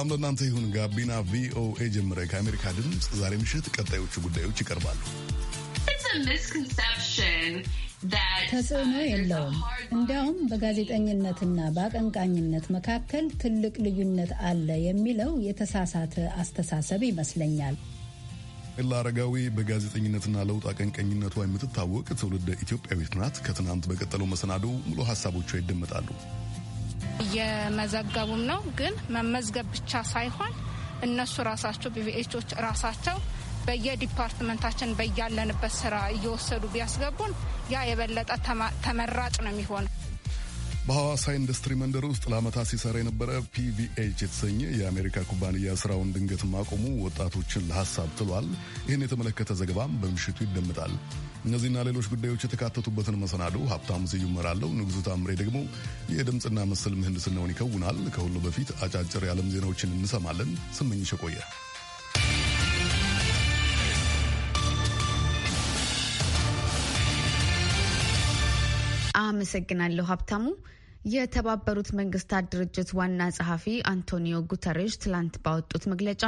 ሰላም ለእናንተ ይሁን። ጋቢና ቪኦኤ ጀምረ ከአሜሪካ ድምፅ ዛሬ ምሽት ቀጣዮቹ ጉዳዮች ይቀርባሉ። ተጽዕኖ የለውም። እንዲያውም በጋዜጠኝነትና በአቀንቃኝነት መካከል ትልቅ ልዩነት አለ የሚለው የተሳሳተ አስተሳሰብ ይመስለኛል። ኤላ አረጋዊ በጋዜጠኝነትና ለውጥ አቀንቀኝነቷ የምትታወቅ ትውልደ ኢትዮጵያዊት ናት። ከትናንት በቀጠለው መሰናዶ ሙሉ ሀሳቦቿ ይደመጣሉ። እየመዘገቡም ነው። ግን መመዝገብ ብቻ ሳይሆን እነሱ ራሳቸው ቢቪኤቾች ራሳቸው በየዲፓርትመንታችን በያለንበት ስራ እየወሰዱ ቢያስገቡን ያ የበለጠ ተመራጭ ነው የሚሆነው። በሐዋሳ ኢንዱስትሪ መንደር ውስጥ ለዓመታት ሲሰራ የነበረ ፒቪኤች የተሰኘ የአሜሪካ ኩባንያ ስራውን ድንገት ማቆሙ ወጣቶችን ለሀሳብ ጥሏል። ይህን የተመለከተ ዘገባም በምሽቱ ይደመጣል። እነዚህና ሌሎች ጉዳዮች የተካተቱበትን መሰናዶ ሀብታሙ ስዩም እመራለሁ። ንጉሱ ታምሬ ደግሞ የድምፅና ምስል ምህንድስናውን ይከውናል። ከሁሉ በፊት አጫጭር የዓለም ዜናዎችን እንሰማለን። ስመኝሽ ቆየ። አመሰግናለሁ ሀብታሙ። የተባበሩት መንግስታት ድርጅት ዋና ጸሐፊ አንቶኒዮ ጉተሬሽ ትላንት ባወጡት መግለጫ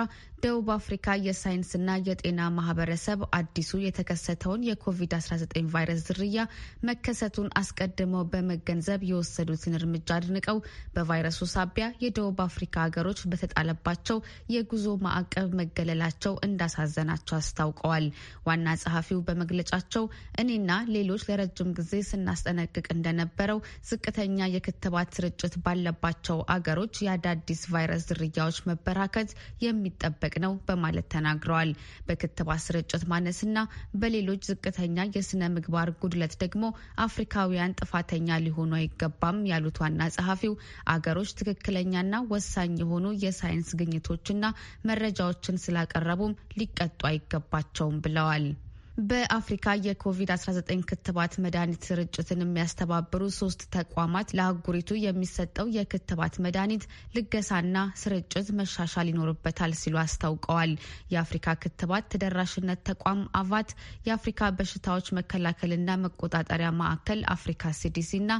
ደቡብ አፍሪካ የሳይንስና የጤና ማህበረሰብ አዲሱ የተከሰተውን የኮቪድ-19 ቫይረስ ዝርያ መከሰቱን አስቀድመው በመገንዘብ የወሰዱትን እርምጃ አድንቀው በቫይረሱ ሳቢያ የደቡብ አፍሪካ ሀገሮች በተጣለባቸው የጉዞ ማዕቀብ መገለላቸው እንዳሳዘናቸው አስታውቀዋል። ዋና ጸሐፊው በመግለጫቸው እኔና ሌሎች ለረጅም ጊዜ ስናስጠነቅቅ እንደነበረው ዝቅተኛ የክትባት ስርጭት ባለባቸው አገሮች የአዳዲስ ቫይረስ ዝርያዎች መበራከት የሚጠበቅ የሚጠበቅ ነው በማለት ተናግረዋል። በክትባት ስርጭት ማነስና በሌሎች ዝቅተኛ የስነ ምግባር ጉድለት ደግሞ አፍሪካውያን ጥፋተኛ ሊሆኑ አይገባም ያሉት ዋና ጸሐፊው አገሮች ትክክለኛና ወሳኝ የሆኑ የሳይንስ ግኝቶችና መረጃዎችን ስላቀረቡም ሊቀጡ አይገባቸውም ብለዋል። በአፍሪካ የኮቪድ-19 ክትባት መድኃኒት ስርጭትን የሚያስተባብሩ ሶስት ተቋማት ለአህጉሪቱ የሚሰጠው የክትባት መድኃኒት ልገሳና ስርጭት መሻሻል ይኖርበታል ሲሉ አስታውቀዋል። የአፍሪካ ክትባት ተደራሽነት ተቋም አቫት፣ የአፍሪካ በሽታዎች መከላከልና መቆጣጠሪያ ማዕከል አፍሪካ ሲዲሲና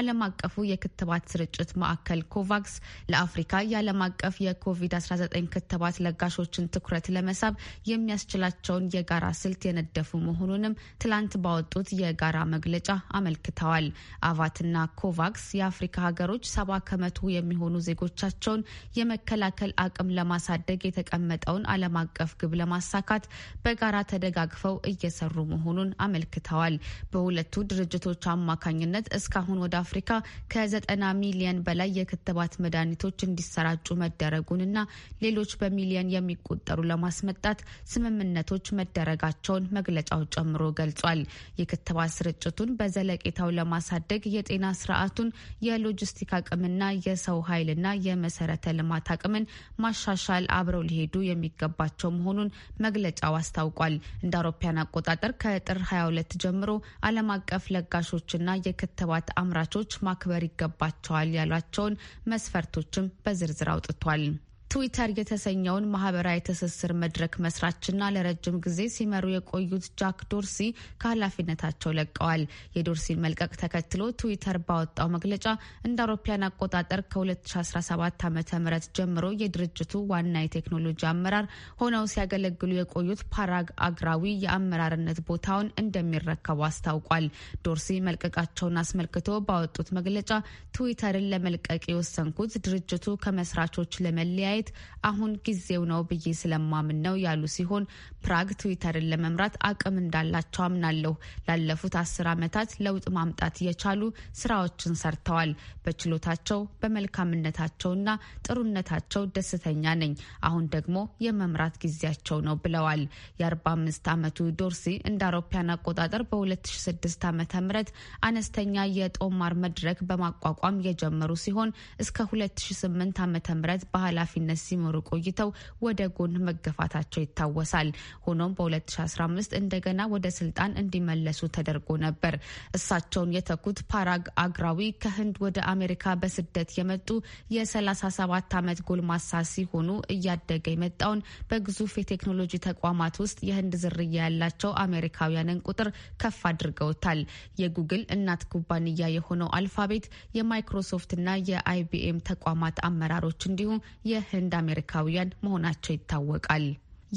ዓለም አቀፉ የክትባት ስርጭት ማዕከል ኮቫክስ ለአፍሪካ የዓለም አቀፍ የኮቪድ-19 ክትባት ለጋሾችን ትኩረት ለመሳብ የሚያስችላቸውን የጋራ ስልት የነደፉ እያሳለፉ መሆኑንም ትላንት ባወጡት የጋራ መግለጫ አመልክተዋል። አቫትና ኮቫክስ የአፍሪካ ሀገሮች ሰባ ከመቶ የሚሆኑ ዜጎቻቸውን የመከላከል አቅም ለማሳደግ የተቀመጠውን ዓለም አቀፍ ግብ ለማሳካት በጋራ ተደጋግፈው እየሰሩ መሆኑን አመልክተዋል። በሁለቱ ድርጅቶች አማካኝነት እስካሁን ወደ አፍሪካ ከዘጠና ሚሊየን በላይ የክትባት መድኃኒቶች እንዲሰራጩ መደረጉንና ሌሎች በሚሊየን የሚቆጠሩ ለማስመጣት ስምምነቶች መደረጋቸውን መግለ መግለጫው ጨምሮ ገልጿል። የክትባት ስርጭቱን በዘለቄታው ለማሳደግ የጤና ስርዓቱን የሎጂስቲክ አቅምና የሰው ኃይልና የመሰረተ ልማት አቅምን ማሻሻል አብረው ሊሄዱ የሚገባቸው መሆኑን መግለጫው አስታውቋል። እንደ አውሮፓውያን አቆጣጠር ከጥር 22 ጀምሮ ዓለም አቀፍ ለጋሾችና የክትባት አምራቾች ማክበር ይገባቸዋል ያሏቸውን መስፈርቶችም በዝርዝር አውጥቷል። ትዊተር የተሰኘውን ማህበራዊ ትስስር መድረክ መስራችና ለረጅም ጊዜ ሲመሩ የቆዩት ጃክ ዶርሲ ከኃላፊነታቸው ለቀዋል። የዶርሲን መልቀቅ ተከትሎ ትዊተር ባወጣው መግለጫ እንደ አውሮፓያን አቆጣጠር ከ2017 ዓ ም ጀምሮ የድርጅቱ ዋና የቴክኖሎጂ አመራር ሆነው ሲያገለግሉ የቆዩት ፓራግ አግራዊ የአመራርነት ቦታውን እንደሚረከቡ አስታውቋል። ዶርሲ መልቀቃቸውን አስመልክቶ ባወጡት መግለጫ ትዊተርን ለመልቀቅ የወሰንኩት ድርጅቱ ከመስራቾች ለመለያየ ለማየት አሁን ጊዜው ነው ብዬ ስለማምን ነው ያሉ ሲሆን ፕራግ ትዊተርን ለመምራት አቅም እንዳላቸው አምናለሁ። ላለፉት አስር ዓመታት ለውጥ ማምጣት የቻሉ ስራዎችን ሰርተዋል። በችሎታቸው በመልካምነታቸውና ጥሩነታቸው ደስተኛ ነኝ። አሁን ደግሞ የመምራት ጊዜያቸው ነው ብለዋል። የ45 ዓመቱ ዶርሲ እንደ አውሮፓያን አቆጣጠር በ2006 ዓ ም አነስተኛ የጦማር መድረክ በማቋቋም የጀመሩ ሲሆን እስከ 2008 ዓ ም በኃላፊነት ከኃላፊነት ሲመሩ ቆይተው ወደ ጎን መገፋታቸው ይታወሳል። ሆኖም በ2015 እንደገና ወደ ስልጣን እንዲመለሱ ተደርጎ ነበር። እሳቸውን የተኩት ፓራግ አግራዊ ከህንድ ወደ አሜሪካ በስደት የመጡ የ37 ዓመት ጎልማሳ ሲሆኑ እያደገ የመጣውን በግዙፍ የቴክኖሎጂ ተቋማት ውስጥ የህንድ ዝርያ ያላቸው አሜሪካውያንን ቁጥር ከፍ አድርገውታል። የጉግል እናት ኩባንያ የሆነው አልፋቤት የማይክሮሶፍትና የአይቢኤም ተቋማት አመራሮች እንዲሁም የህ ህንድ አሜሪካውያን መሆናቸው ይታወቃል።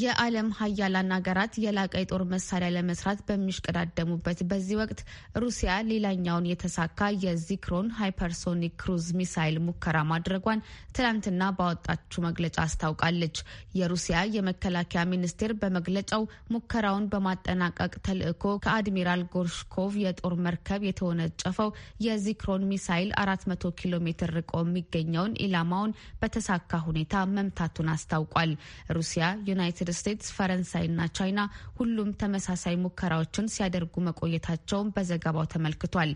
የዓለም ሀያላን ሀገራት የላቀ የጦር መሳሪያ ለመስራት በሚሽቀዳደሙበት በዚህ ወቅት ሩሲያ ሌላኛውን የተሳካ የዚክሮን ሃይፐርሶኒክ ክሩዝ ሚሳይል ሙከራ ማድረጓን ትናንትና ባወጣችው መግለጫ አስታውቃለች። የሩሲያ የመከላከያ ሚኒስቴር በመግለጫው ሙከራውን በማጠናቀቅ ተልዕኮ ከአድሚራል ጎርሽኮቭ የጦር መርከብ የተወነጨፈው የዚክሮን ሚሳይል 400 ኪሎ ሜትር ርቆ የሚገኘውን ኢላማውን በተሳካ ሁኔታ መምታቱን አስታውቋል። ሩሲያ ዩናይትድ ዩናይትድ ስቴትስ፣ ፈረንሳይና ቻይና ሁሉም ተመሳሳይ ሙከራዎችን ሲያደርጉ መቆየታቸውን በዘገባው ተመልክቷል።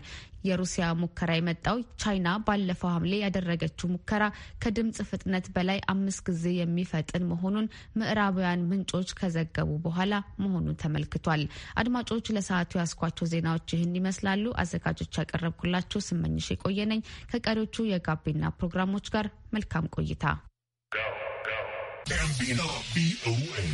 የሩሲያ ሙከራ የመጣው ቻይና ባለፈው ሐምሌ ያደረገችው ሙከራ ከድምፅ ፍጥነት በላይ አምስት ጊዜ የሚፈጥን መሆኑን ምዕራባውያን ምንጮች ከዘገቡ በኋላ መሆኑን ተመልክቷል። አድማጮች ለሰዓቱ ያስኳቸው ዜናዎች ይህን ይመስላሉ። አዘጋጆች ያቀረብኩላችሁ ስመኝሽ የቆየነኝ ከቀሪዎቹ የጋቢና ፕሮግራሞች ጋር መልካም ቆይታ ጋቢና ቪኦኤ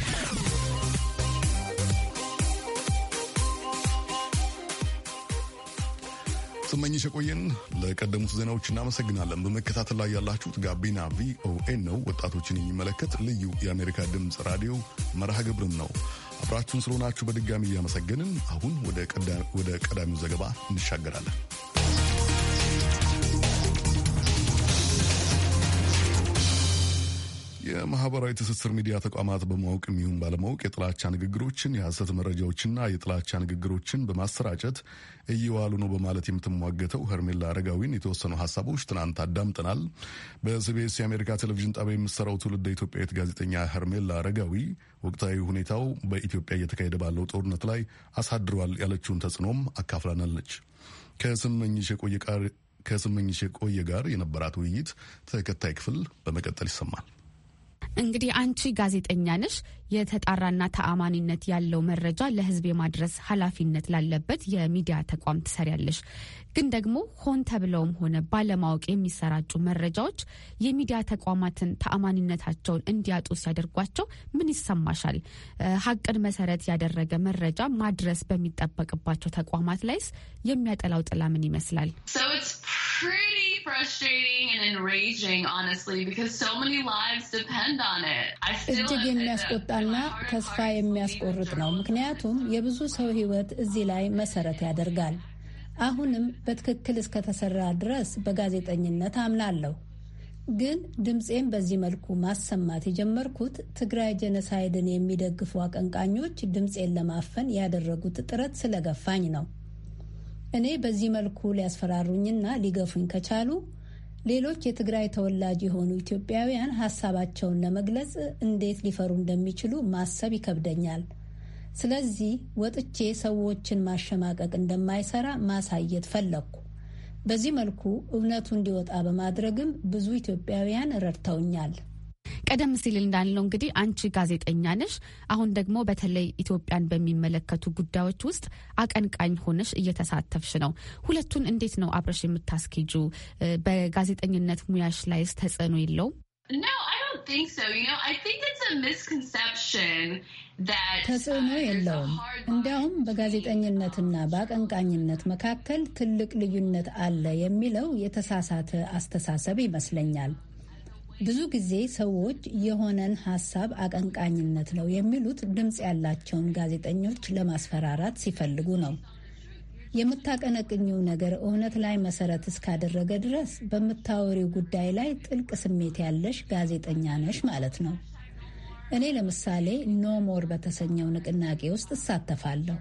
ስመኝሽ የቆየን ለቀደሙት ዜናዎች እናመሰግናለን። በመከታተል ላይ ያላችሁት ጋቢና ቪኦኤ ነው። ወጣቶችን የሚመለከት ልዩ የአሜሪካ ድምፅ ራዲዮ መርሃ ግብርም ነው። አብራችሁን ስለሆናችሁ በድጋሚ እያመሰገንን አሁን ወደ ቀዳሚው ዘገባ እንሻገራለን። የማህበራዊ ትስስር ሚዲያ ተቋማት በማወቅ የሚሆን ባለማወቅ የጥላቻ ንግግሮችን፣ የሐሰት መረጃዎችና የጥላቻ ንግግሮችን በማሰራጨት እየዋሉ ነው በማለት የምትሟገተው ሄርሜላ አረጋዊን የተወሰኑ ሀሳቦች ትናንት አዳምጠናል። በሲቢኤስ የአሜሪካ ቴሌቪዥን ጣቢያ የምትሰራው ትውልደ ኢትዮጵያዊት ጋዜጠኛ ሄርሜላ አረጋዊ ወቅታዊ ሁኔታው በኢትዮጵያ እየተካሄደ ባለው ጦርነት ላይ አሳድሯል ያለችውን ተጽዕኖም አካፍላናለች። ከስመኝሽ የቆየ ከስመኝሽ የቆየ ጋር የነበራት ውይይት ተከታይ ክፍል በመቀጠል ይሰማል። እንግዲህ አንቺ ጋዜጠኛ ነሽ። የተጣራና ተአማኒነት ያለው መረጃ ለህዝብ የማድረስ ኃላፊነት ላለበት የሚዲያ ተቋም ትሰሪያለሽ። ግን ደግሞ ሆን ተብለውም ሆነ ባለማወቅ የሚሰራጩ መረጃዎች የሚዲያ ተቋማትን ተአማኒነታቸውን እንዲያጡ ሲያደርጓቸው ምን ይሰማሻል? ሀቅን መሰረት ያደረገ መረጃ ማድረስ በሚጠበቅባቸው ተቋማት ላይስ የሚያጠላው ጥላ ምን ይመስላል? frustrating and enraging, honestly, because so many lives depend on it. እጅግ የሚያስቆጣና ተስፋ የሚያስቆርጥ ነው። ምክንያቱም የብዙ ሰው ሕይወት እዚህ ላይ መሰረት ያደርጋል። አሁንም በትክክል እስከተሰራ ድረስ በጋዜጠኝነት አምናለሁ። ግን ድምፄን በዚህ መልኩ ማሰማት የጀመርኩት ትግራይ ጀነሳይድን የሚደግፉ አቀንቃኞች ድምፄን ለማፈን ያደረጉት ጥረት ስለገፋኝ ነው። እኔ በዚህ መልኩ ሊያስፈራሩኝና ሊገፉኝ ከቻሉ ሌሎች የትግራይ ተወላጅ የሆኑ ኢትዮጵያውያን ሀሳባቸውን ለመግለጽ እንዴት ሊፈሩ እንደሚችሉ ማሰብ ይከብደኛል። ስለዚህ ወጥቼ ሰዎችን ማሸማቀቅ እንደማይሰራ ማሳየት ፈለግኩ። በዚህ መልኩ እውነቱ እንዲወጣ በማድረግም ብዙ ኢትዮጵያውያን ረድተውኛል። ቀደም ሲል እንዳልነው እንግዲህ አንቺ ጋዜጠኛ ነሽ። አሁን ደግሞ በተለይ ኢትዮጵያን በሚመለከቱ ጉዳዮች ውስጥ አቀንቃኝ ሆነሽ እየተሳተፍሽ ነው። ሁለቱን እንዴት ነው አብረሽ የምታስኪጁ? በጋዜጠኝነት ሙያሽ ላይስ ተጽዕኖ የለውም? Uh, ተጽዕኖ የለውም። እንዲያውም በጋዜጠኝነትና በአቀንቃኝነት መካከል ትልቅ ልዩነት አለ የሚለው የተሳሳተ አስተሳሰብ ይመስለኛል። ብዙ ጊዜ ሰዎች የሆነን ሀሳብ አቀንቃኝነት ነው የሚሉት ድምፅ ያላቸውን ጋዜጠኞች ለማስፈራራት ሲፈልጉ ነው። የምታቀነቅኝው ነገር እውነት ላይ መሰረት እስካደረገ ድረስ በምታወሪው ጉዳይ ላይ ጥልቅ ስሜት ያለሽ ጋዜጠኛ ነሽ ማለት ነው። እኔ ለምሳሌ ኖሞር በተሰኘው ንቅናቄ ውስጥ እሳተፋለሁ።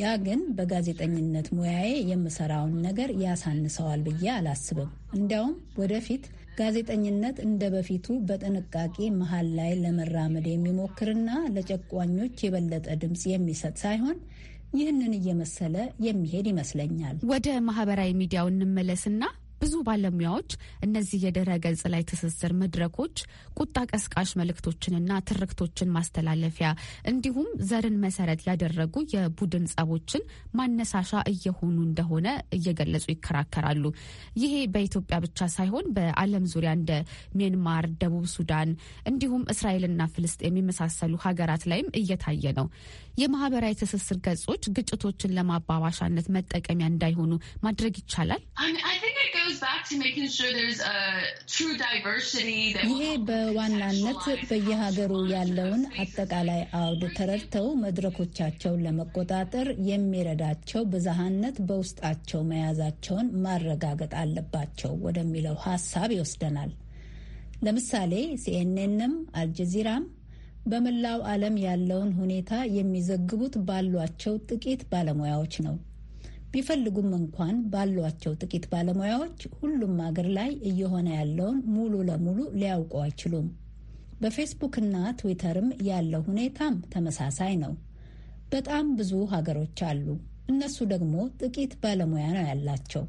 ያ ግን በጋዜጠኝነት ሙያዬ የምሰራውን ነገር ያሳንሰዋል ብዬ አላስብም። እንዲያውም ወደፊት ጋዜጠኝነት እንደ በፊቱ በጥንቃቄ መሀል ላይ ለመራመድ የሚሞክርና ለጨቋኞች የበለጠ ድምፅ የሚሰጥ ሳይሆን ይህንን እየመሰለ የሚሄድ ይመስለኛል። ወደ ማህበራዊ ሚዲያው እንመለስና ብዙ ባለሙያዎች እነዚህ የድረ ገጽ ላይ ትስስር መድረኮች ቁጣ ቀስቃሽ መልእክቶችንና ትርክቶችን ማስተላለፊያ እንዲሁም ዘርን መሰረት ያደረጉ የቡድን ጸቦችን ማነሳሻ እየሆኑ እንደሆነ እየገለጹ ይከራከራሉ። ይሄ በኢትዮጵያ ብቻ ሳይሆን በዓለም ዙሪያ እንደ ሜንማር፣ ደቡብ ሱዳን እንዲሁም እስራኤልና ፍልስጤም የመሳሰሉ ሀገራት ላይም እየታየ ነው። የማህበራዊ ትስስር ገጾች ግጭቶችን ለማባባሻነት መጠቀሚያ እንዳይሆኑ ማድረግ ይቻላል። ይሄ በዋናነት በየሀገሩ ያለውን አጠቃላይ አውድ ተረድተው መድረኮቻቸውን ለመቆጣጠር የሚረዳቸው ብዝሃነት በውስጣቸው መያዛቸውን ማረጋገጥ አለባቸው ወደሚለው ሀሳብ ይወስደናል። ለምሳሌ ሲኤንኤንም አልጀዚራም በመላው ዓለም ያለውን ሁኔታ የሚዘግቡት ባሏቸው ጥቂት ባለሙያዎች ነው። ቢፈልጉም እንኳን ባሏቸው ጥቂት ባለሙያዎች ሁሉም አገር ላይ እየሆነ ያለውን ሙሉ ለሙሉ ሊያውቁ አይችሉም። በፌስቡክና ትዊተርም ያለው ሁኔታም ተመሳሳይ ነው። በጣም ብዙ ሀገሮች አሉ። እነሱ ደግሞ ጥቂት ባለሙያ ነው ያላቸው።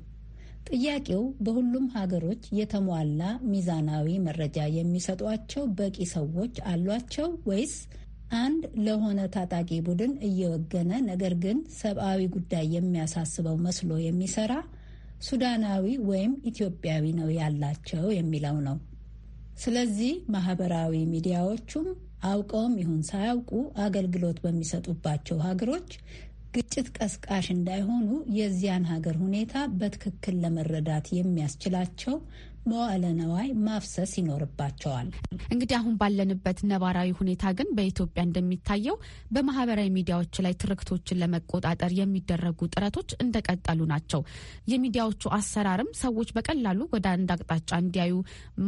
ጥያቄው በሁሉም ሀገሮች የተሟላ ሚዛናዊ መረጃ የሚሰጧቸው በቂ ሰዎች አሏቸው ወይስ አንድ ለሆነ ታጣቂ ቡድን እየወገነ ነገር ግን ሰብአዊ ጉዳይ የሚያሳስበው መስሎ የሚሰራ ሱዳናዊ ወይም ኢትዮጵያዊ ነው ያላቸው የሚለው ነው። ስለዚህ ማህበራዊ ሚዲያዎቹም አውቀውም ይሁን ሳያውቁ አገልግሎት በሚሰጡባቸው ሀገሮች ግጭት ቀስቃሽ እንዳይሆኑ የዚያን ሀገር ሁኔታ በትክክል ለመረዳት የሚያስችላቸው መዋዕለ ነዋይ ማፍሰስ ይኖርባቸዋል። እንግዲህ አሁን ባለንበት ነባራዊ ሁኔታ ግን በኢትዮጵያ እንደሚታየው በማህበራዊ ሚዲያዎች ላይ ትርክቶችን ለመቆጣጠር የሚደረጉ ጥረቶች እንደቀጠሉ ናቸው። የሚዲያዎቹ አሰራርም ሰዎች በቀላሉ ወደ አንድ አቅጣጫ እንዲያዩ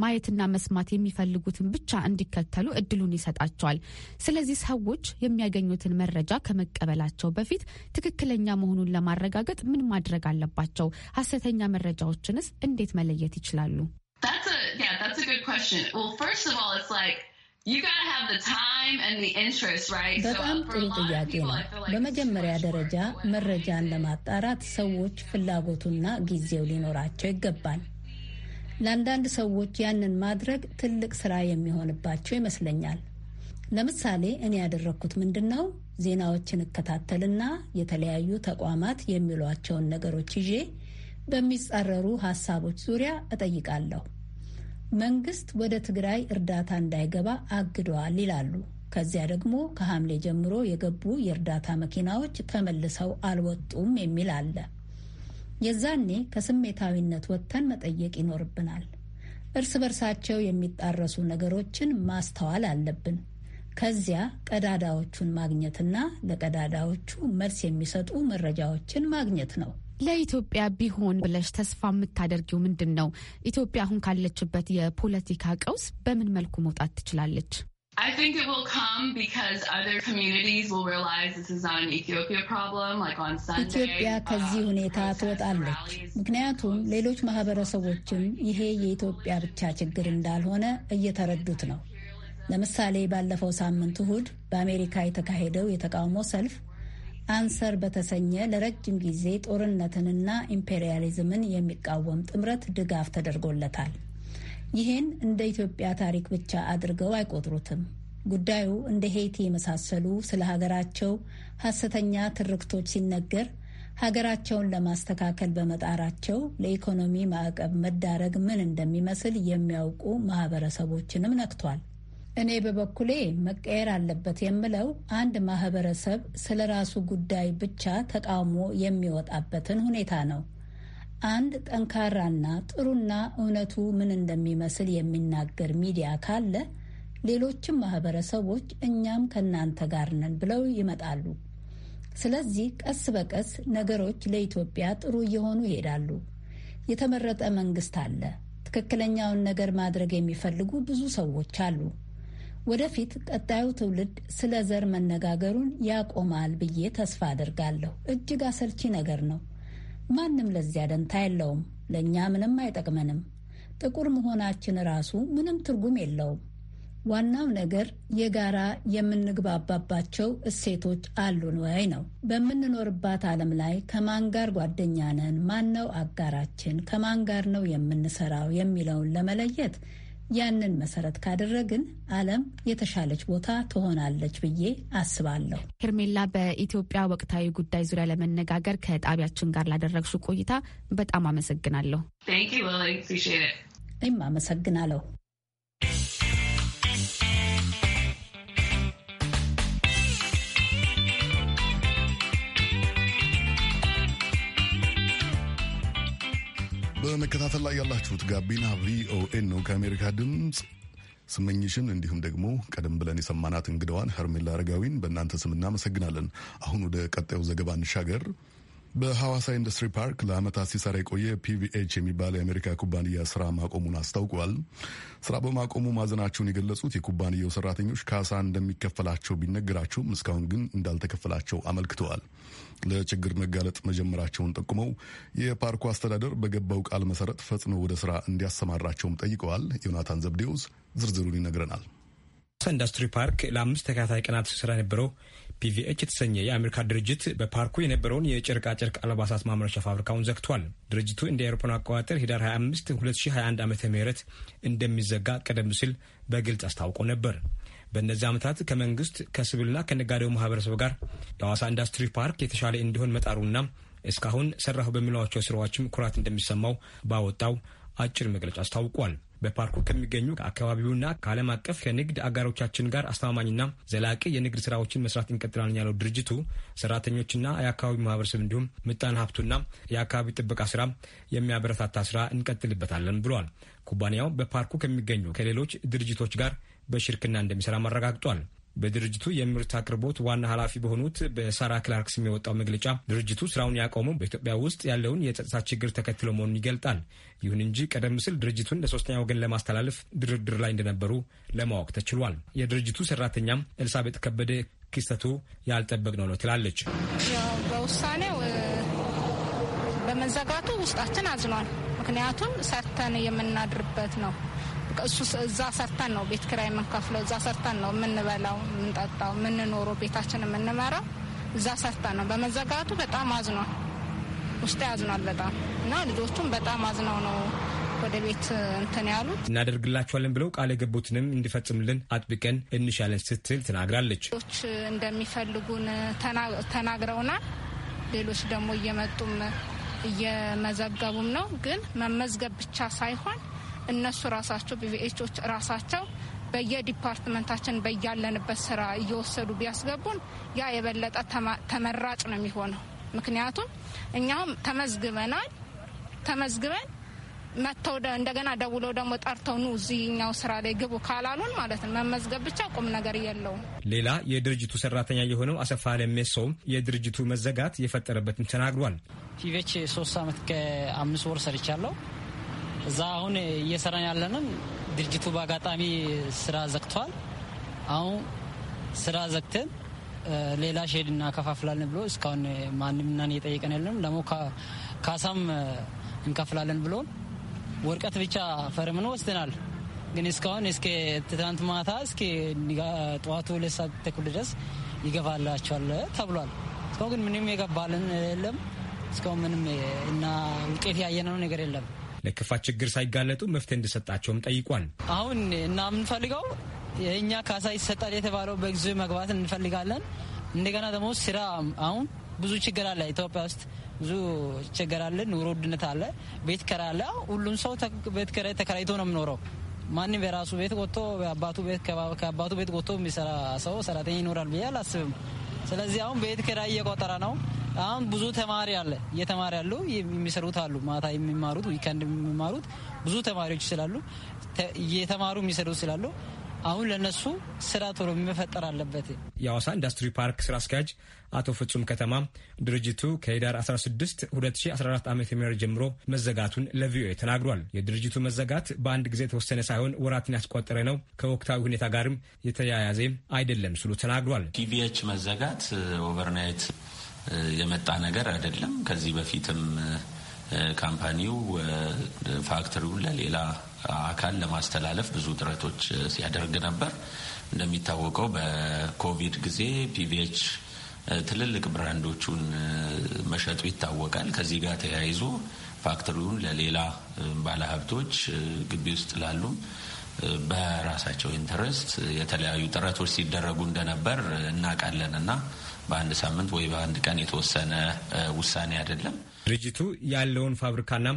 ማየትና መስማት የሚፈልጉትን ብቻ እንዲከተሉ እድሉን ይሰጣቸዋል። ስለዚህ ሰዎች የሚያገኙትን መረጃ ከመቀበላቸው በፊት ትክክለኛ መሆኑን ለማረጋገጥ ምን ማድረግ አለባቸው? ሀሰተኛ መረጃዎችንስ እንዴት መለየት ይችላሉ? That's a yeah, that's a good question. Well, first of all, it's like በጣም ጥሩ ጥያቄ ነው። በመጀመሪያ ደረጃ መረጃን ለማጣራት ሰዎች ፍላጎቱና ጊዜው ሊኖራቸው ይገባል። ለአንዳንድ ሰዎች ያንን ማድረግ ትልቅ ስራ የሚሆንባቸው ይመስለኛል። ለምሳሌ እኔ ያደረግኩት ምንድን ነው? ዜናዎችን እከታተልና የተለያዩ ተቋማት የሚሏቸውን ነገሮች ይዤ በሚጻረሩ ሀሳቦች ዙሪያ እጠይቃለሁ። መንግስት ወደ ትግራይ እርዳታ እንዳይገባ አግደዋል ይላሉ። ከዚያ ደግሞ ከሐምሌ ጀምሮ የገቡ የእርዳታ መኪናዎች ተመልሰው አልወጡም የሚል አለ። የዛኔ ከስሜታዊነት ወጥተን መጠየቅ ይኖርብናል። እርስ በርሳቸው የሚጣረሱ ነገሮችን ማስተዋል አለብን። ከዚያ ቀዳዳዎቹን ማግኘትና ለቀዳዳዎቹ መልስ የሚሰጡ መረጃዎችን ማግኘት ነው። ለኢትዮጵያ ቢሆን ብለሽ ተስፋ የምታደርጊው ምንድን ነው? ኢትዮጵያ አሁን ካለችበት የፖለቲካ ቀውስ በምን መልኩ መውጣት ትችላለች? I think it will come because other communities will realize this is not an Ethiopia problem, like on Sunday. ኢትዮጵያ uh, ከዚህ ሁኔታ ትወጣለች። ምክንያቱም ሌሎች ማህበረሰቦችም ይሄ የኢትዮጵያ ብቻ ችግር እንዳልሆነ እየተረዱት ነው። ለምሳሌ ባለፈው ሳምንት እሁድ በአሜሪካ የተካሄደው የተቃውሞ ሰልፍ አንሰር በተሰኘ ለረጅም ጊዜ ጦርነትንና ኢምፔሪያሊዝምን የሚቃወም ጥምረት ድጋፍ ተደርጎለታል። ይህን እንደ ኢትዮጵያ ታሪክ ብቻ አድርገው አይቆጥሩትም። ጉዳዩ እንደ ሄይቲ የመሳሰሉ ስለ ሀገራቸው ሀሰተኛ ትርክቶች ሲነገር ሀገራቸውን ለማስተካከል በመጣራቸው ለኢኮኖሚ ማዕቀብ መዳረግ ምን እንደሚመስል የሚያውቁ ማህበረሰቦችንም ነክቷል። እኔ በበኩሌ መቀየር አለበት የምለው አንድ ማህበረሰብ ስለ ራሱ ጉዳይ ብቻ ተቃውሞ የሚወጣበትን ሁኔታ ነው። አንድ ጠንካራና ጥሩና እውነቱ ምን እንደሚመስል የሚናገር ሚዲያ ካለ ሌሎችም ማህበረሰቦች እኛም ከእናንተ ጋር ነን ብለው ይመጣሉ። ስለዚህ ቀስ በቀስ ነገሮች ለኢትዮጵያ ጥሩ እየሆኑ ይሄዳሉ። የተመረጠ መንግስት አለ። ትክክለኛውን ነገር ማድረግ የሚፈልጉ ብዙ ሰዎች አሉ። ወደፊት ቀጣዩ ትውልድ ስለ ዘር መነጋገሩን ያቆማል ብዬ ተስፋ አድርጋለሁ። እጅግ አሰልቺ ነገር ነው። ማንም ለዚያ ደንታ የለውም። ለእኛ ምንም አይጠቅመንም። ጥቁር መሆናችን ራሱ ምንም ትርጉም የለውም። ዋናው ነገር የጋራ የምንግባባባቸው እሴቶች አሉን ወይ ነው። በምንኖርባት ዓለም ላይ ከማን ጋር ጓደኛ ነን፣ ማን ነው አጋራችን፣ ከማን ጋር ነው የምንሰራው የሚለውን ለመለየት ያንን መሰረት ካደረግን ዓለም የተሻለች ቦታ ትሆናለች ብዬ አስባለሁ። ሄርሜላ፣ በኢትዮጵያ ወቅታዊ ጉዳይ ዙሪያ ለመነጋገር ከጣቢያችን ጋር ላደረግሽው ቆይታ በጣም አመሰግናለሁ። እኔም አመሰግናለሁ። በመከታተል ላይ ያላችሁት ጋቢና ቪኦኤ ነው። ከአሜሪካ ድምፅ ስመኝሽን እንዲሁም ደግሞ ቀደም ብለን የሰማናት እንግዳዋን ሄርሜላ አረጋዊን በእናንተ ስም እናመሰግናለን። አሁን ወደ ቀጣዩ ዘገባ እንሻገር። በሐዋሳ ኢንዱስትሪ ፓርክ ለዓመታት ሲሰራ የቆየ ፒቪኤች የሚባል የአሜሪካ ኩባንያ ስራ ማቆሙን አስታውቋል። ስራ በማቆሙ ማዘናቸውን የገለጹት የኩባንያው ሰራተኞች ካሳ እንደሚከፈላቸው ቢነገራቸውም እስካሁን ግን እንዳልተከፈላቸው አመልክተዋል። ለችግር መጋለጥ መጀመራቸውን ጠቁመው የፓርኩ አስተዳደር በገባው ቃል መሰረት ፈጽኖ ወደ ስራ እንዲያሰማራቸውም ጠይቀዋል። ዮናታን ዘብዴውስ ዝርዝሩን ይነግረናል። ኢንዱስትሪ ፓርክ ለአምስት ተከታታይ ቀናት ስራ የነበረው ፒቪኤች የተሰኘ የአሜሪካ ድርጅት በፓርኩ የነበረውን የጨርቃጨርቅ አልባሳት ማምረቻ ፋብሪካውን ዘግቷል። ድርጅቱ እንደ አውሮፓውያን አቆጣጠር ሂዳር 25 2021 ዓ ም እንደሚዘጋ ቀደም ሲል በግልጽ አስታውቆ ነበር። በእነዚህ ዓመታት ከመንግስት ከሲቪልና ከነጋዴው ማህበረሰብ ጋር የሐዋሳ ኢንዱስትሪ ፓርክ የተሻለ እንዲሆን መጣሩና እስካሁን ሰራሁ በሚሏቸው ስራዎችም ኩራት እንደሚሰማው ባወጣው አጭር መግለጫ አስታውቋል። በፓርኩ ከሚገኙ ከአካባቢውና ከዓለም አቀፍ ከንግድ አጋሮቻችን ጋር አስተማማኝና ዘላቂ የንግድ ስራዎችን መስራት እንቀጥላለን ያለው ድርጅቱ ሰራተኞችና የአካባቢው ማህበረሰብ እንዲሁም ምጣን ሀብቱና የአካባቢ ጥበቃ ስራ የሚያበረታታ ስራ እንቀጥልበታለን ብሏል። ኩባንያው በፓርኩ ከሚገኙ ከሌሎች ድርጅቶች ጋር በሽርክና እንደሚሰራ አረጋግጧል። በድርጅቱ የምርት አቅርቦት ዋና ኃላፊ በሆኑት በሳራ ክላርክ ስም የወጣው መግለጫ ድርጅቱ ስራውን ያቆመው በኢትዮጵያ ውስጥ ያለውን የጸጥታ ችግር ተከትሎ መሆኑን ይገልጣል። ይሁን እንጂ ቀደም ሲል ድርጅቱን ለሶስተኛ ወገን ለማስተላለፍ ድርድር ላይ እንደነበሩ ለማወቅ ተችሏል። የድርጅቱ ሰራተኛም ኤልሳቤጥ ከበደ ክስተቱ ያልጠበቅነው ነው ትላለች። በውሳኔው በመዘጋቱ ውስጣችን አዝኗል። ምክንያቱም ሰርተን የምናድርበት ነው እሱ እዛ ሰርተን ነው ቤት ክራይ የምንከፍለው። እዛ ሰርተን ነው የምንበላው፣ የምንጠጣው፣ የምንኖረው፣ ቤታችን የምንመራው እዛ ሰርተን ነው። በመዘጋቱ በጣም አዝኗል፣ ውስጤ አዝኗል በጣም እና ልጆቹም በጣም አዝነው ነው ወደ ቤት እንትን ያሉት እናደርግላቸዋለን ብለው ቃል የገቡትንም እንዲፈጽምልን አጥብቀን እንሻለን ስትል ትናግራለች። ች እንደሚፈልጉን ተናግረውናል። ሌሎች ደግሞ እየመጡም እየመዘገቡም ነው። ግን መመዝገብ ብቻ ሳይሆን እነሱ ራሳቸው ቢቢኤቾች ራሳቸው በየዲፓርትመንታችን በያለንበት ስራ እየወሰዱ ቢያስገቡን ያ የበለጠ ተመራጭ ነው የሚሆነው። ምክንያቱም እኛም ተመዝግበናል። ተመዝግበን መጥተው እንደገና ደውለው ደግሞ ጠርተው ኑ እዚህኛው ስራ ላይ ግቡ ካላሉን ማለት ነው መመዝገብ ብቻ ቁም ነገር የለውም። ሌላ የድርጅቱ ሰራተኛ የሆነው አሰፋ ለሜሶውም የድርጅቱ መዘጋት የፈጠረበትን ተናግሯል። ቲቬች ሶስት አመት ከአምስት ወር ሰርቻለሁ እዛ አሁን እየሰራን ያለንም ድርጅቱ በአጋጣሚ ስራ ዘግቷል። አሁን ስራ ዘግተን ሌላ ሼድ እናከፋፍላለን ብሎ እስካሁን ማንምናን እየጠየቀን ያለንም ደግሞ ካሳም እንከፍላለን ብሎ ወርቀት ብቻ ፈርምን ወስደናል። ግን እስካሁን እስከ ትናንት ማታ እስከ ጠዋቱ ሁለት ሰዓት ተኩል ድረስ ይገባላቸዋል ተብሏል። እስካሁን ግን ምንም የገባልን የለም። እስካሁን ምንም እና ውጤት ያየነው ነገር የለም። ለክፋት ችግር ሳይጋለጡ መፍትሄ እንዲሰጣቸውም ጠይቋል። አሁን እና የምንፈልገው የእኛ ካሳ ይሰጣል የተባለው በጊዜ መግባት እንፈልጋለን። እንደገና ደግሞ ስራ አሁን ብዙ ችግር አለ። ኢትዮጵያ ውስጥ ብዙ ችግር አለ። ኑሮ ውድነት አለ። ቤት ኪራይ አለ። ሁሉም ሰው ቤት ኪራይ ተከራይቶ ነው የምኖረው። ማንም የራሱ ቤት ወጥቶ ከአባቱ ቤት ወጥቶ የሚሰራ ሰው ሰራተኛ ይኖራል ብዬ አላስብም። ስለዚህ አሁን ቤት ኪራይ እየቆጠረ ነው። አሁን ብዙ ተማሪ አለ እየተማሪ ያለው የሚሰሩት አሉ ማታ የሚማሩት ዊከንድ የሚማሩት ብዙ ተማሪዎች ስላሉ እየተማሩ የሚሰሩት ስላሉ አሁን ለነሱ ስራ ቶሎ መፈጠር አለበት። የአዋሳ ኢንዱስትሪ ፓርክ ስራ አስኪያጅ አቶ ፍጹም ከተማ ድርጅቱ ከሄዳር 16 2014 ዓ ም ጀምሮ መዘጋቱን ለቪኦኤ ተናግሯል። የድርጅቱ መዘጋት በአንድ ጊዜ የተወሰነ ሳይሆን ወራትን ያስቆጠረ ነው፣ ከወቅታዊ ሁኔታ ጋርም የተያያዘ አይደለም ስሉ ተናግሯል። ቲቪኤች መዘጋት ኦቨርናይት የመጣ ነገር አይደለም። ከዚህ በፊትም ካምፓኒው ፋክትሪውን ለሌላ አካል ለማስተላለፍ ብዙ ጥረቶች ሲያደርግ ነበር። እንደሚታወቀው በኮቪድ ጊዜ ፒቪኤች ትልልቅ ብራንዶቹን መሸጡ ይታወቃል። ከዚህ ጋር ተያይዞ ፋክትሪውን ለሌላ ባለሀብቶች ግቢ ውስጥ ላሉም በራሳቸው ኢንተረስት የተለያዩ ጥረቶች ሲደረጉ እንደነበር እናውቃለን እና በአንድ ሳምንት ወይ በአንድ ቀን የተወሰነ ውሳኔ አይደለም። ድርጅቱ ያለውን ፋብሪካና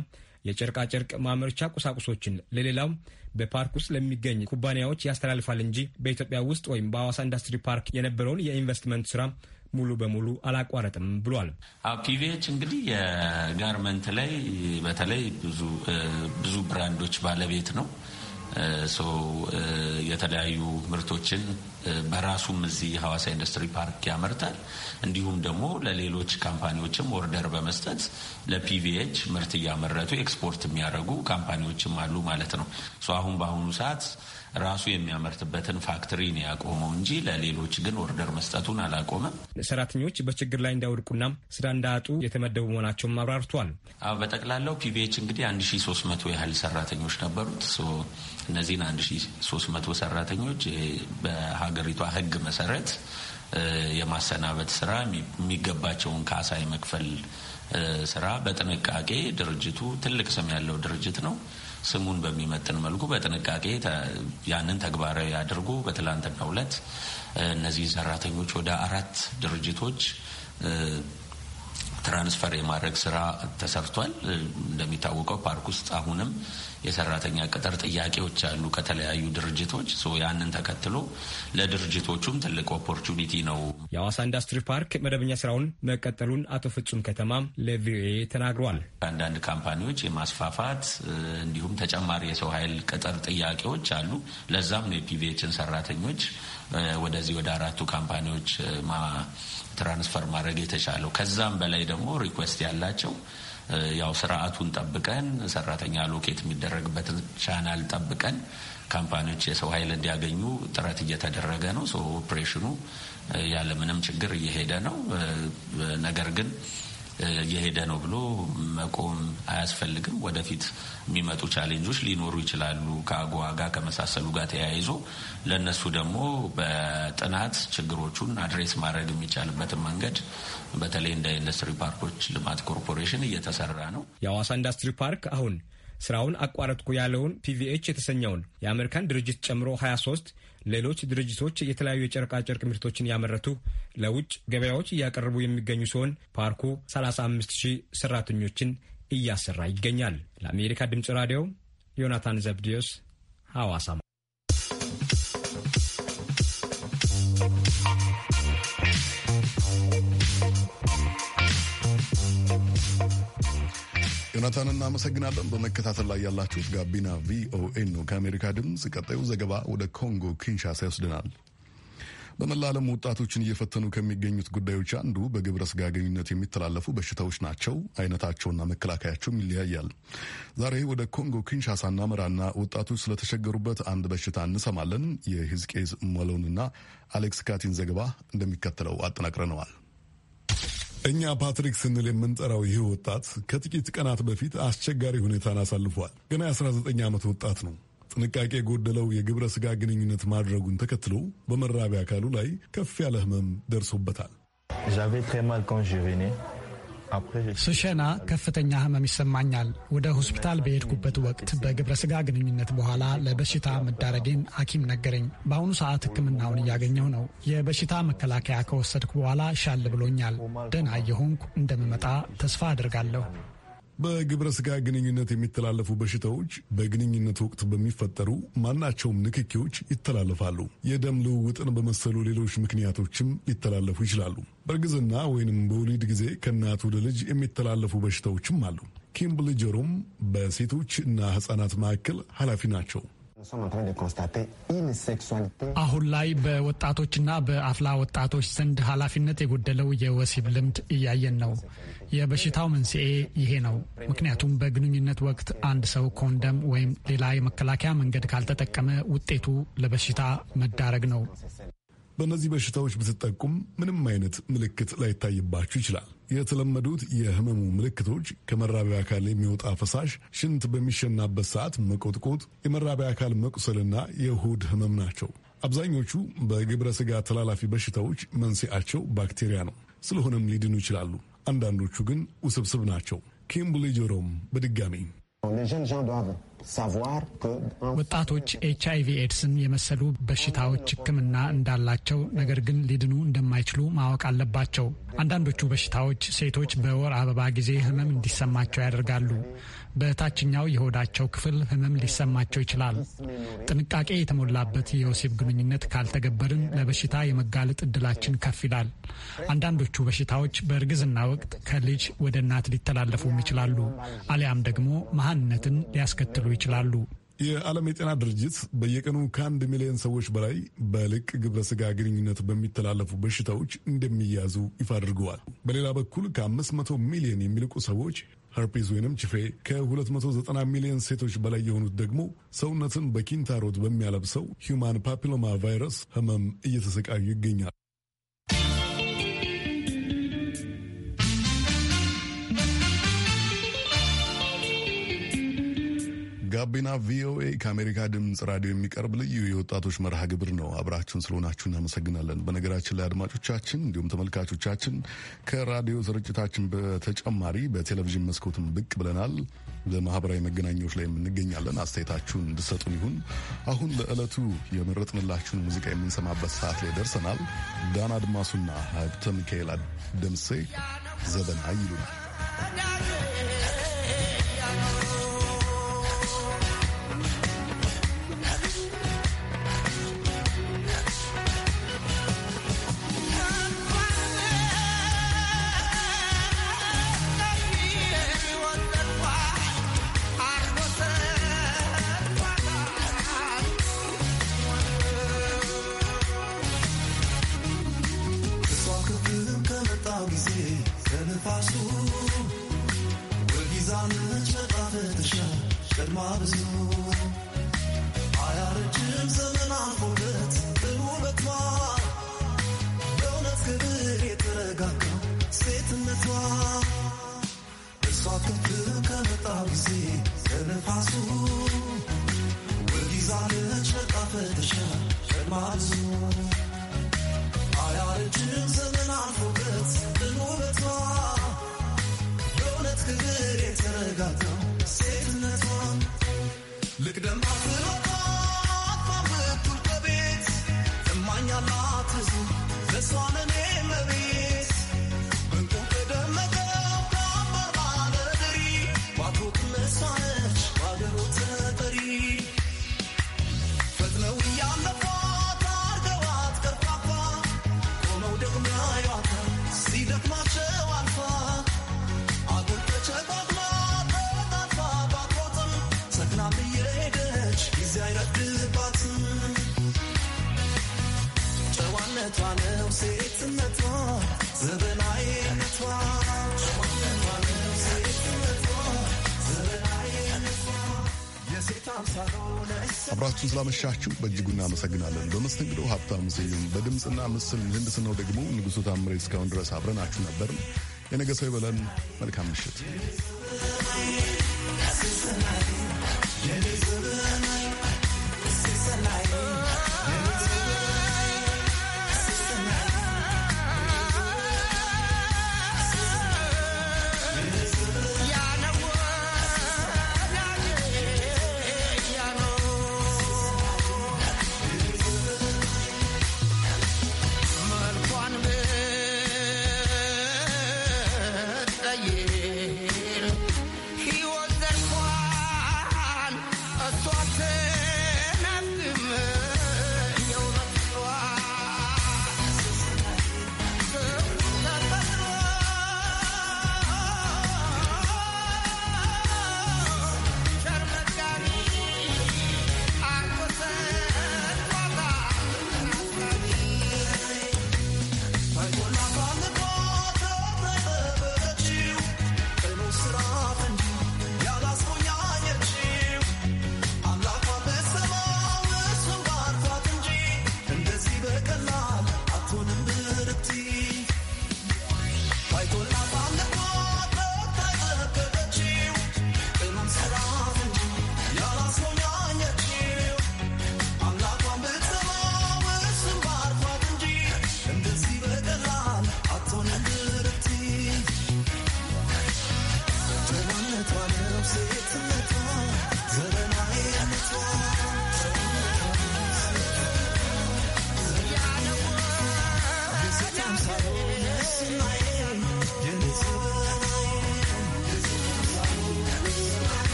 የጨርቃጨርቅ ማምረቻ ቁሳቁሶችን ለሌላው በፓርክ ውስጥ ለሚገኝ ኩባንያዎች ያስተላልፋል እንጂ በኢትዮጵያ ውስጥ ወይም በአዋሳ ኢንዱስትሪ ፓርክ የነበረውን የኢንቨስትመንት ስራ ሙሉ በሙሉ አላቋረጥም ብሏል። ፒቪኤች እንግዲህ የጋርመንት ላይ በተለይ ብዙ ብራንዶች ባለቤት ነው። ሰው የተለያዩ ምርቶችን በራሱም እዚህ ሀዋሳ ኢንዱስትሪ ፓርክ ያመርታል። እንዲሁም ደግሞ ለሌሎች ካምፓኒዎችም ኦርደር በመስጠት ለፒቪኤች ምርት እያመረቱ ኤክስፖርት የሚያደርጉ ካምፓኒዎችም አሉ ማለት ነው። አሁን በአሁኑ ሰዓት ራሱ የሚያመርትበትን ፋክትሪ ነው ያቆመው እንጂ ለሌሎች ግን ኦርደር መስጠቱን አላቆመም። ሰራተኞች በችግር ላይ እንዳይወድቁና ስራ እንዳያጡ የተመደቡ መሆናቸውን አብራርቷል። በጠቅላላው ፒቢኤች እንግዲህ አንድ ሺ መቶ ያህል ሰራተኞች ነበሩት። እነዚህን አሺ3መቶ ሰራተኞች በሀገሪቷ ህግ መሰረት የማሰናበት ስራ የሚገባቸውን ካሳ የመክፈል ስራ በጥንቃቄ ድርጅቱ ትልቅ ስም ያለው ድርጅት ነው ስሙን በሚመጥን መልኩ በጥንቃቄ ያንን ተግባራዊ አድርጎ በትላንትናው ዕለት እነዚህ ሰራተኞች ወደ አራት ድርጅቶች ትራንስፈር የማድረግ ስራ ተሰርቷል። እንደሚታወቀው ፓርክ ውስጥ አሁንም የሰራተኛ ቅጥር ጥያቄዎች አሉ ከተለያዩ ድርጅቶች። ያንን ተከትሎ ለድርጅቶቹም ትልቅ ኦፖርቹኒቲ ነው። የአዋሳ ኢንዱስትሪ ፓርክ መደበኛ ስራውን መቀጠሉን አቶ ፍጹም ከተማም ለቪኦኤ ተናግሯል። አንዳንድ ካምፓኒዎች የማስፋፋት እንዲሁም ተጨማሪ የሰው ኃይል ቅጥር ጥያቄዎች አሉ። ለዛም ነው የፒቪኤችን ሰራተኞች ወደዚህ ወደ አራቱ ካምፓኒዎች ትራንስፈር ማድረግ የተቻለው። ከዛም በላይ ደግሞ ሪኩዌስት ያላቸው ያው ስርዓቱን ጠብቀን ሰራተኛ ሎኬት የሚደረግበትን ቻናል ጠብቀን ካምፓኒዎች የሰው ኃይል እንዲያገኙ ጥረት እየተደረገ ነው። ኦፕሬሽኑ ያለምንም ችግር እየሄደ ነው። ነገር ግን እየሄደ ነው ብሎ መቆም አያስፈልግም። ወደፊት የሚመጡ ቻሌንጆች ሊኖሩ ይችላሉ፣ ከአጎዋ ጋር ከመሳሰሉ ጋር ተያይዞ ለእነሱ ደግሞ በጥናት ችግሮቹን አድሬስ ማድረግ የሚቻልበትን መንገድ በተለይ እንደ ኢንዱስትሪ ፓርኮች ልማት ኮርፖሬሽን እየተሰራ ነው። የአዋሳ ኢንዱስትሪ ፓርክ አሁን ስራውን አቋረጥኩ ያለውን ፒቪኤች የተሰኘውን የአሜሪካን ድርጅት ጨምሮ 23 ሌሎች ድርጅቶች የተለያዩ የጨርቃጨርቅ ምርቶችን ያመረቱ ለውጭ ገበያዎች እያቀረቡ የሚገኙ ሲሆን ፓርኩ 35 ሺህ ሰራተኞችን እያሰራ ይገኛል። ለአሜሪካ ድምፅ ራዲዮ ዮናታን ዘብዲዮስ ሐዋሳም ዮናታን እናመሰግናለን። በመከታተል ላይ ያላችሁት ጋቢና ቪኦኤ ነው ከአሜሪካ ድምፅ። ቀጣዩ ዘገባ ወደ ኮንጎ ኪንሻሳ ይወስድናል። በመላ ዓለም ወጣቶችን እየፈተኑ ከሚገኙት ጉዳዮች አንዱ በግብረ ስጋ ግንኙነት የሚተላለፉ በሽታዎች ናቸው። አይነታቸውና መከላከያቸውም ይለያያል። ዛሬ ወደ ኮንጎ ኪንሻሳ እናመራና ወጣቶች ስለተቸገሩበት አንድ በሽታ እንሰማለን። የህዝቄዝ መሎንና አሌክስ ካቲን ዘገባ እንደሚከተለው አጠናቅረነዋል። እኛ ፓትሪክ ስንል የምንጠራው ይህ ወጣት ከጥቂት ቀናት በፊት አስቸጋሪ ሁኔታን አሳልፏል። ገና የ19 ዓመት ወጣት ነው። ጥንቃቄ የጎደለው የግብረ ስጋ ግንኙነት ማድረጉን ተከትሎ በመራቢያ አካሉ ላይ ከፍ ያለ ህመም ደርሶበታል። ሱሸና ከፍተኛ ህመም ይሰማኛል። ወደ ሆስፒታል በሄድኩበት ወቅት በግብረ ስጋ ግንኙነት በኋላ ለበሽታ መዳረጌን ሐኪም ነገረኝ። በአሁኑ ሰዓት ህክምናውን እያገኘው ነው። የበሽታ መከላከያ ከወሰድኩ በኋላ ሻል ብሎኛል። ደህና እየሆንኩ እንደምመጣ ተስፋ አድርጋለሁ። በግብረ ስጋ ግንኙነት የሚተላለፉ በሽታዎች በግንኙነት ወቅት በሚፈጠሩ ማናቸውም ንክኪዎች ይተላለፋሉ። የደም ልውውጥን በመሰሉ ሌሎች ምክንያቶችም ሊተላለፉ ይችላሉ። በእርግዝና ወይንም በወሊድ ጊዜ ከእናት ወደ ልጅ የሚተላለፉ በሽታዎችም አሉ። ኪምብል ጀሮም በሴቶች እና ህጻናት ማዕከል ኃላፊ ናቸው። አሁን ላይ በወጣቶችና በአፍላ ወጣቶች ዘንድ ኃላፊነት የጎደለው የወሲብ ልምድ እያየን ነው። የበሽታው መንስኤ ይሄ ነው። ምክንያቱም በግንኙነት ወቅት አንድ ሰው ኮንደም ወይም ሌላ የመከላከያ መንገድ ካልተጠቀመ ውጤቱ ለበሽታ መዳረግ ነው። በእነዚህ በሽታዎች ብትጠቁም ምንም አይነት ምልክት ላይታይባችሁ ይችላል። የተለመዱት የህመሙ ምልክቶች ከመራቢያ አካል የሚወጣ ፈሳሽ ሽንት በሚሸናበት ሰዓት መቆጥቆጥ፣ የመራቢያ አካል መቁሰልና የሆድ ህመም ናቸው። አብዛኞቹ በግብረ ስጋ ተላላፊ በሽታዎች መንስኤያቸው ባክቴሪያ ነው። ስለሆነም ሊድኑ ይችላሉ። አንዳንዶቹ ግን ውስብስብ ናቸው። ኪምብሌ ጆሮም በድጋሚ ወጣቶች ኤች አይቪ ኤድስን የመሰሉ በሽታዎች ሕክምና እንዳላቸው ነገር ግን ሊድኑ እንደማይችሉ ማወቅ አለባቸው። አንዳንዶቹ በሽታዎች ሴቶች በወር አበባ ጊዜ ህመም እንዲሰማቸው ያደርጋሉ። በታችኛው የሆዳቸው ክፍል ህመም ሊሰማቸው ይችላል። ጥንቃቄ የተሞላበት የወሲብ ግንኙነት ካልተገበርን ለበሽታ የመጋለጥ እድላችን ከፍ ይላል። አንዳንዶቹ በሽታዎች በእርግዝና ወቅት ከልጅ ወደ እናት ሊተላለፉም ይችላሉ፣ አሊያም ደግሞ መሀንነትን ሊያስከትሉ ይችላሉ። የዓለም የጤና ድርጅት በየቀኑ ከአንድ ሚሊዮን ሰዎች በላይ በልቅ ግብረ ስጋ ግንኙነት በሚተላለፉ በሽታዎች እንደሚያዙ ይፋ አድርገዋል። በሌላ በኩል ከአምስት መቶ ሚሊዮን የሚልቁ ሰዎች ሀርፒዝ ወይንም ችፌ ከ290 ሚሊዮን ሴቶች በላይ የሆኑት ደግሞ ሰውነትን በኪንታሮት በሚያለብሰው ሂውማን ፓፒሎማ ቫይረስ ህመም እየተሰቃዩ ይገኛል። ጋቢና ቪኦኤ ከአሜሪካ ድምፅ ራዲዮ የሚቀርብ ልዩ የወጣቶች መርሃ ግብር ነው። አብራችሁን ስለሆናችሁ እናመሰግናለን። በነገራችን ላይ አድማጮቻችን፣ እንዲሁም ተመልካቾቻችን ከራዲዮ ስርጭታችን በተጨማሪ በቴሌቪዥን መስኮትም ብቅ ብለናል። በማህበራዊ መገናኛዎች ላይ የምንገኛለን። አስተያየታችሁን እንድሰጡን ይሁን። አሁን ለዕለቱ የመረጥንላችሁን ሙዚቃ የምንሰማበት ሰዓት ላይ ደርሰናል። ዳን አድማሱና ሀብተ ሚካኤል ደምሴ ዘበና ይሉናል። Look at them hustle. ስላመሻችሁ በእጅጉ እናመሰግናለን። በመስተንግዶ ሀብታሙ ስዩም፣ በድምፅና ምስል ምህንድስናው ደግሞ ንጉሱ ታምሬ። እስካሁን ድረስ አብረናችሁ ነበር። የነገ ሰው ይበለን። መልካም ምሽት።